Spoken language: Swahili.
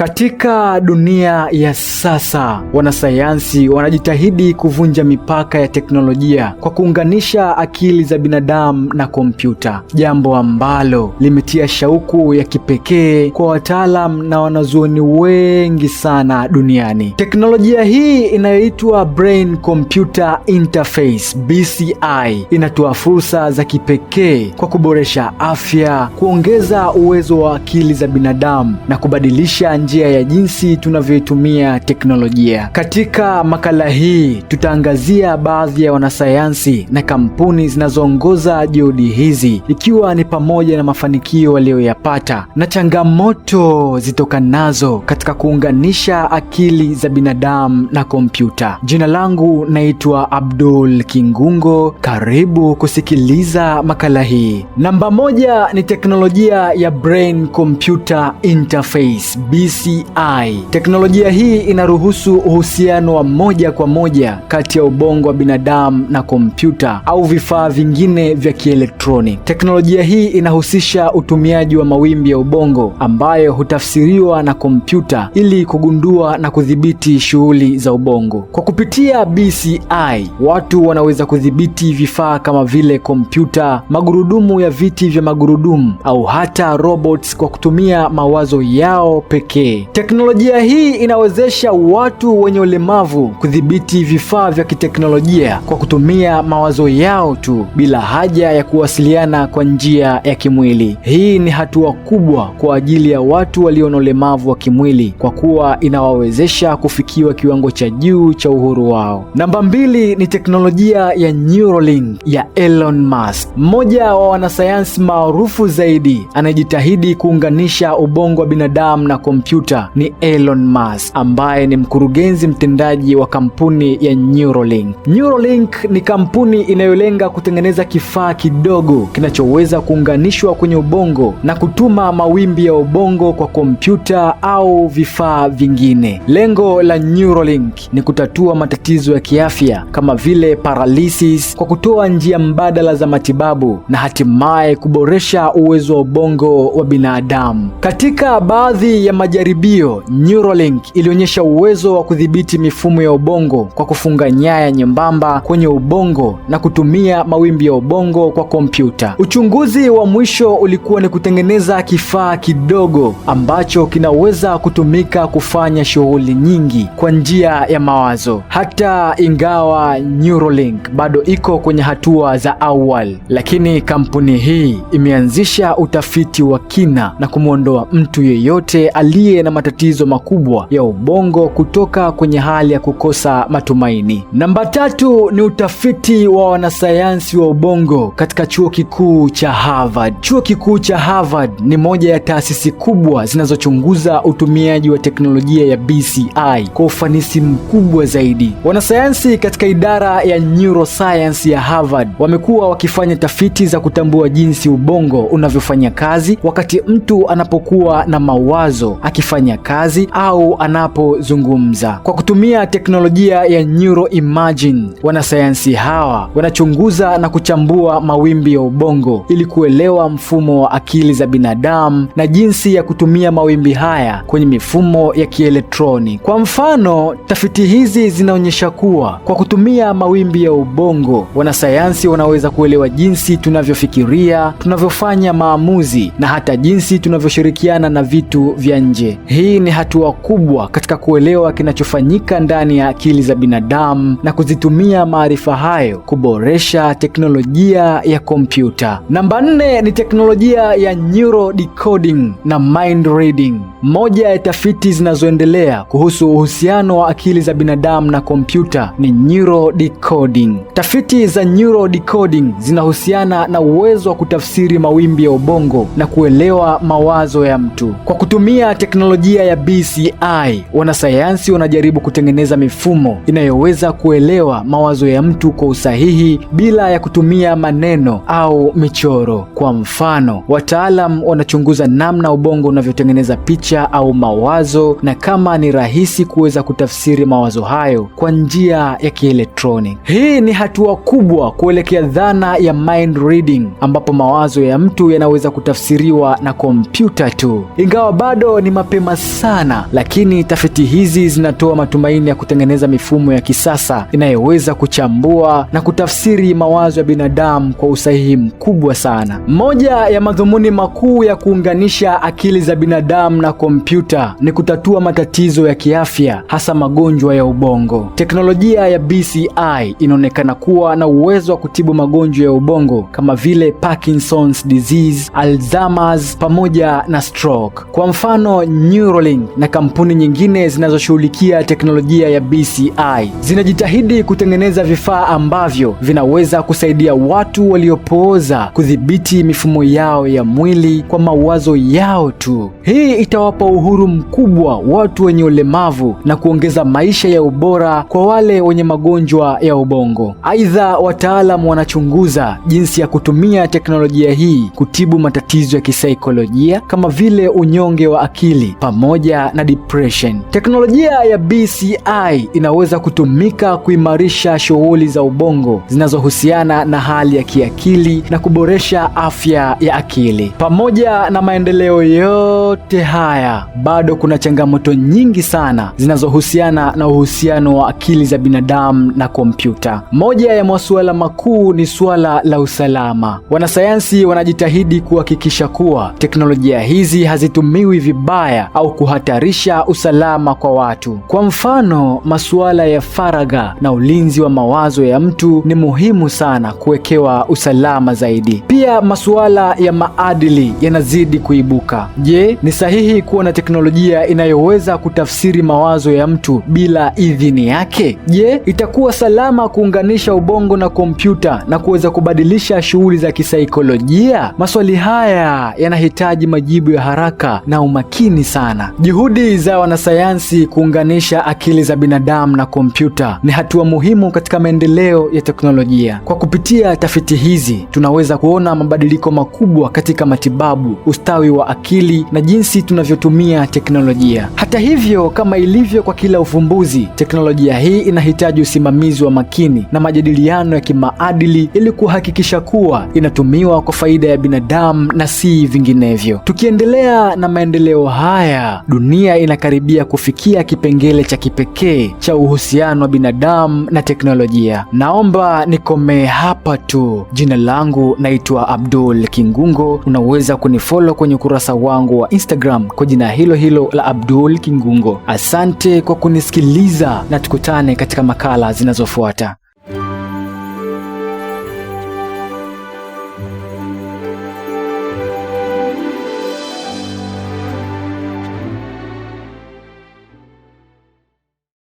Katika dunia ya sasa, wanasayansi wanajitahidi kuvunja mipaka ya teknolojia kwa kuunganisha akili za binadamu na kompyuta, jambo ambalo limetia shauku ya kipekee kwa wataalam na wanazuoni wengi sana duniani. Teknolojia hii inayoitwa Brain Computer Interface BCI inatoa fursa za kipekee kwa kuboresha afya, kuongeza uwezo wa akili za binadamu na kubadilisha njia ya jinsi tunavyoitumia teknolojia. Katika makala hii tutaangazia baadhi ya wanasayansi na kampuni zinazoongoza juhudi hizi, ikiwa ni pamoja na mafanikio waliyoyapata na changamoto zitokanazo katika kuunganisha akili za binadamu na kompyuta. Jina langu naitwa Abdul Kingungo, karibu kusikiliza makala hii. Namba moja ni teknolojia ya brain computer interface BC CI. Teknolojia hii inaruhusu uhusiano wa moja kwa moja kati ya ubongo wa binadamu na kompyuta au vifaa vingine vya kielektroni. Teknolojia hii inahusisha utumiaji wa mawimbi ya ubongo ambayo hutafsiriwa na kompyuta ili kugundua na kudhibiti shughuli za ubongo. Kwa kupitia BCI, watu wanaweza kudhibiti vifaa kama vile kompyuta, magurudumu ya viti vya magurudumu au hata robots kwa kutumia mawazo yao pekee jamii. Teknolojia hii inawezesha watu wenye ulemavu kudhibiti vifaa vya kiteknolojia kwa kutumia mawazo yao tu bila haja ya kuwasiliana kwa njia ya kimwili. Hii ni hatua kubwa kwa ajili ya watu walio na ulemavu wa kimwili kwa kuwa inawawezesha kufikiwa kiwango cha juu cha uhuru wao. Namba mbili ni teknolojia ya Neuralink ya Elon Musk, mmoja wa wanasayansi maarufu zaidi anayejitahidi kuunganisha ubongo wa binadamu na kompyuta kompyuta ni Elon Musk ambaye ni mkurugenzi mtendaji wa kampuni ya Neuralink. Neuralink ni kampuni inayolenga kutengeneza kifaa kidogo kinachoweza kuunganishwa kwenye ubongo na kutuma mawimbi ya ubongo kwa kompyuta au vifaa vingine. Lengo la Neuralink ni kutatua matatizo ya kiafya kama vile paralysis kwa kutoa njia mbadala za matibabu na hatimaye kuboresha uwezo wa ubongo wa binadamu. Katika baadhi ya maja majaribio, Neuralink ilionyesha uwezo wa kudhibiti mifumo ya ubongo kwa kufunga nyaya nyembamba kwenye ubongo na kutumia mawimbi ya ubongo kwa kompyuta. Uchunguzi wa mwisho ulikuwa ni kutengeneza kifaa kidogo ambacho kinaweza kutumika kufanya shughuli nyingi kwa njia ya mawazo. Hata ingawa Neuralink bado iko kwenye hatua za awali, lakini kampuni hii imeanzisha utafiti wa kina na kumwondoa mtu yeyote aliye asiye na matatizo makubwa ya ubongo kutoka kwenye hali ya kukosa matumaini. Namba tatu ni utafiti wa wanasayansi wa ubongo katika chuo kikuu cha Harvard. Chuo kikuu cha Harvard ni moja ya taasisi kubwa zinazochunguza utumiaji wa teknolojia ya BCI kwa ufanisi mkubwa zaidi. Wanasayansi katika idara ya neuroscience ya Harvard wamekuwa wakifanya tafiti za kutambua jinsi ubongo unavyofanya kazi wakati mtu anapokuwa na mawazo aki akifanya kazi au anapozungumza. Kwa kutumia teknolojia ya neuroimaging, wanasayansi hawa wanachunguza na kuchambua mawimbi ya ubongo ili kuelewa mfumo wa akili za binadamu na jinsi ya kutumia mawimbi haya kwenye mifumo ya kielektroni. Kwa mfano, tafiti hizi zinaonyesha kuwa kwa kutumia mawimbi ya ubongo, wanasayansi wanaweza kuelewa jinsi tunavyofikiria, tunavyofanya maamuzi na hata jinsi tunavyoshirikiana na vitu vya nje yeye. Hii ni hatua kubwa katika kuelewa kinachofanyika ndani ya akili za binadamu na kuzitumia maarifa hayo kuboresha teknolojia ya kompyuta. Namba nne ni teknolojia ya neuro decoding na mind reading. Moja ya tafiti zinazoendelea kuhusu uhusiano wa akili za binadamu na kompyuta ni neuro decoding. Tafiti za neuro decoding zinahusiana na uwezo wa kutafsiri mawimbi ya ubongo na kuelewa mawazo ya mtu kwa kutumia teknolojia teknolojia ya BCI, wanasayansi wanajaribu kutengeneza mifumo inayoweza kuelewa mawazo ya mtu kwa usahihi bila ya kutumia maneno au michoro. Kwa mfano, wataalam wanachunguza namna ubongo unavyotengeneza picha au mawazo na kama ni rahisi kuweza kutafsiri mawazo hayo kwa njia ya kielektroni Hii ni hatua kubwa kuelekea dhana ya mind reading, ambapo mawazo ya mtu yanaweza kutafsiriwa na kompyuta tu, ingawa bado ni mapema sana, lakini tafiti hizi zinatoa matumaini ya kutengeneza mifumo ya kisasa inayoweza kuchambua na kutafsiri mawazo ya binadamu kwa usahihi mkubwa sana. Moja ya madhumuni makuu ya kuunganisha akili za binadamu na kompyuta ni kutatua matatizo ya kiafya, hasa magonjwa ya ubongo. Teknolojia ya BCI inaonekana kuwa na uwezo wa kutibu magonjwa ya ubongo kama vile Parkinson's disease, Alzheimer's pamoja na stroke. Kwa mfano Neuralink na kampuni nyingine zinazoshughulikia teknolojia ya BCI zinajitahidi kutengeneza vifaa ambavyo vinaweza kusaidia watu waliopooza kudhibiti mifumo yao ya mwili kwa mawazo yao tu. Hii itawapa uhuru mkubwa watu wenye ulemavu na kuongeza maisha ya ubora kwa wale wenye magonjwa ya ubongo. Aidha, wataalam wanachunguza jinsi ya kutumia teknolojia hii kutibu matatizo ya kisaikolojia kama vile unyonge wa akili pamoja na depression. Teknolojia ya BCI inaweza kutumika kuimarisha shughuli za ubongo zinazohusiana na hali ya kiakili na kuboresha afya ya akili. Pamoja na maendeleo yote haya, bado kuna changamoto nyingi sana zinazohusiana na uhusiano wa akili za binadamu na kompyuta. Moja ya masuala makuu ni suala la usalama. Wanasayansi wanajitahidi kuhakikisha kuwa teknolojia hizi hazitumiwi vibaya vibaya au kuhatarisha usalama kwa watu. Kwa mfano, masuala ya faragha na ulinzi wa mawazo ya mtu ni muhimu sana kuwekewa usalama zaidi. Pia masuala ya maadili yanazidi kuibuka. Je, ni sahihi kuwa na teknolojia inayoweza kutafsiri mawazo ya mtu bila idhini yake? Je, itakuwa salama kuunganisha ubongo na kompyuta na kuweza kubadilisha shughuli za kisaikolojia? Maswali haya yanahitaji majibu ya haraka na umakini zamani sana. Juhudi za wanasayansi kuunganisha akili za binadamu na kompyuta ni hatua muhimu katika maendeleo ya teknolojia. Kwa kupitia tafiti hizi, tunaweza kuona mabadiliko makubwa katika matibabu, ustawi wa akili na jinsi tunavyotumia teknolojia. Hata hivyo, kama ilivyo kwa kila uvumbuzi, teknolojia hii inahitaji usimamizi wa makini na majadiliano ya kimaadili ili kuhakikisha kuwa inatumiwa kwa faida ya binadamu na si vinginevyo. Tukiendelea na maendeleo haya haya, dunia inakaribia kufikia kipengele cha kipekee cha uhusiano wa binadamu na teknolojia. Naomba nikomee hapa tu. Jina langu naitwa Abdul Kingungo. Unaweza kunifollow kwenye ukurasa wangu wa Instagram kwa jina hilo hilo la Abdul Kingungo. Asante kwa kunisikiliza na tukutane katika makala zinazofuata.